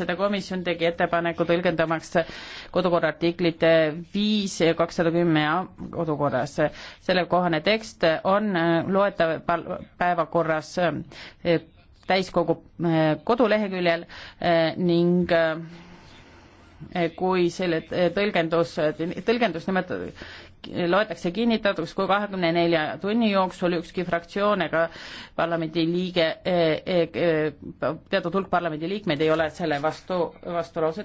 seda komisjon tegi ettepaneku tõlgendamaks kodukorra artiklite viis ja kakssada kümme kodukorras. sellekohane tekst on loetav päevakorras eh, täiskogu eh, koduleheküljel eh, ning Eh, kui selle tõlgendus, tõlgendus nimetatud, loetakse kinnitatuks, kui kahekümne nelja tunni jooksul ükski fraktsioon ega parlamendi liige, eh, eh, teatud hulk parlamendi liikmeid ei ole selle vastu, vastulause